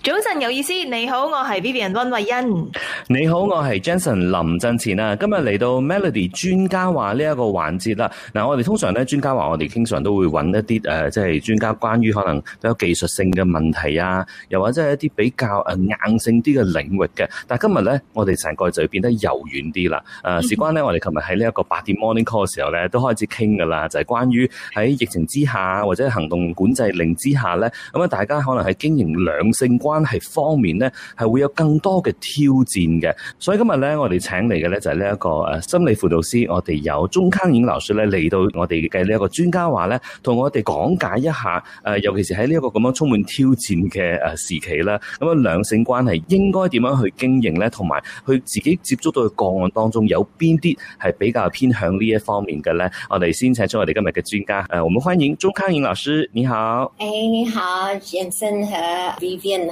早晨有意思，你好，我係 Vivian 溫慧欣。你好，我係 Jenson 林振前啊！今日嚟到 Melody 專家話呢一個環節啦。嗱、嗯，我哋通常咧專家話，我哋經常都會揾一啲誒，即係專家關於可能比較技術性嘅問題啊，又或者係一啲比較誒、呃、硬性啲嘅領域嘅。但係今日咧，我哋成個就要變得柔軟啲啦。誒、呃，事關咧，我哋琴日喺呢一個八點 morning call 嘅時候咧，都開始傾噶啦，就係、是、關於喺疫情之下或者行動管制令之下咧，咁、嗯、啊，大家可能係經營兩性關。關係方面咧，係會有更多嘅挑戰嘅，所以今日咧，我哋請嚟嘅咧就係呢一個誒心理輔導師，我哋有鍾康影老師咧嚟到我哋嘅呢一個專家話咧，同我哋講解一下誒、呃，尤其是喺呢一個咁樣充滿挑戰嘅誒時期啦，咁啊，兩性關係應該點樣去經營咧，同埋佢自己接觸到嘅個案當中有邊啲係比較偏向呢一方面嘅咧，我哋先請出我哋今日嘅專家。誒、呃，我們歡迎鍾康影老師，你好。誒，hey, 你好，先生和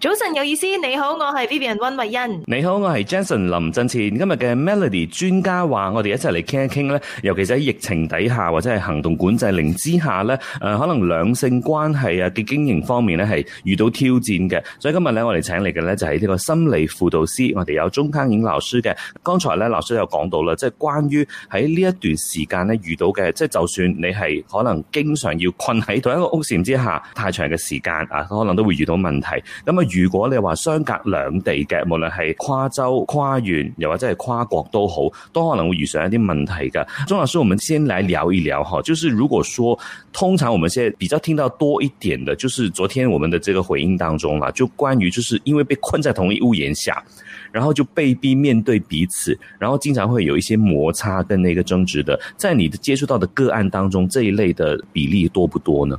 早晨有意思，你好，我係 Vivian 溫慧欣。你好，我係 Jason 林振前。今日嘅 Melody 專家話，我哋一齊嚟傾一傾咧，尤其係喺疫情底下或者係行動管制令之下咧，誒、呃，可能兩性關係啊嘅經營方面咧係遇到挑戰嘅。所以今日咧，我哋請嚟嘅咧就係、是、呢個心理輔導師，我哋有中坑影老師嘅。剛才咧，老師有講到啦，即、就、係、是、關於喺呢一段時間咧遇到嘅，即、就、係、是、就算你係可能經常要困喺同一個屋檐之下太長嘅時間啊，可能都會遇到問題。咁啊。如果你話相隔兩地嘅，無論係跨州、跨縣，又或者係跨國都好，都可能會遇上一啲問題嘅。鍾老師，我們先來聊一聊哈，就是如果說通常我們現在比較聽到多一點的，就是昨天我們的這個回應當中啦，就關於就是因為被困在同一屋檐下，然後就被逼面對彼此，然後經常會有一些摩擦跟那個爭執的，在你的接觸到的個案當中，這一類的比例多不多呢？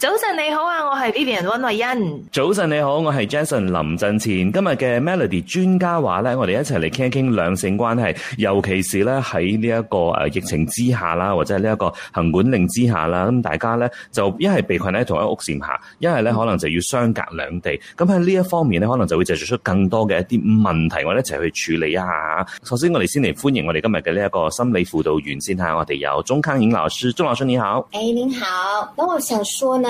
早晨你好啊，我係 Vivian 溫慧欣。早晨你好，我係 Jason 林振前。今日嘅 Melody 專家話咧，我哋一齊嚟傾一傾兩性關係，尤其是咧喺呢一個誒疫情之下啦，或者係呢一個行管令之下啦，咁大家咧就一係被困喺同一屋檐下，一係咧可能就要相隔兩地。咁喺呢一方面咧，可能就會製造出更多嘅一啲問題，我哋一齊去處理一下。首先，我哋先嚟歡迎我哋今日嘅呢一個心理輔導員先吓，我哋有鍾坑演老師，鍾老師你好。誒，你好，咁、hey, 我想說呢。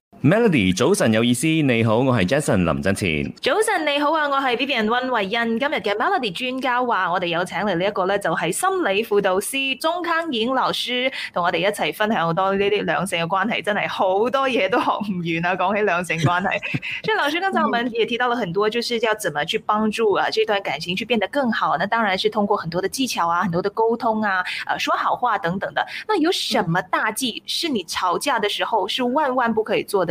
Melody，早晨有意思，你好，我係 Jason 林振前。早晨你好啊，我係 Vivian 溫慧欣。今日嘅 Melody 專家話，我哋有請嚟呢一個咧，就係心理輔導師鍾鏗燕老師，同我哋一齊分享好多呢啲兩性嘅關係，真係好多嘢都學唔完啊！講起兩性關係， 所以老師剛才我們也提到了很多，就是要怎麼去幫助啊，這段感情去變得更好。那當然是通過很多的技巧啊，很多的溝通啊，啊說好話等等的。那有什麼大忌，是你吵架的時候是萬萬不可以做的？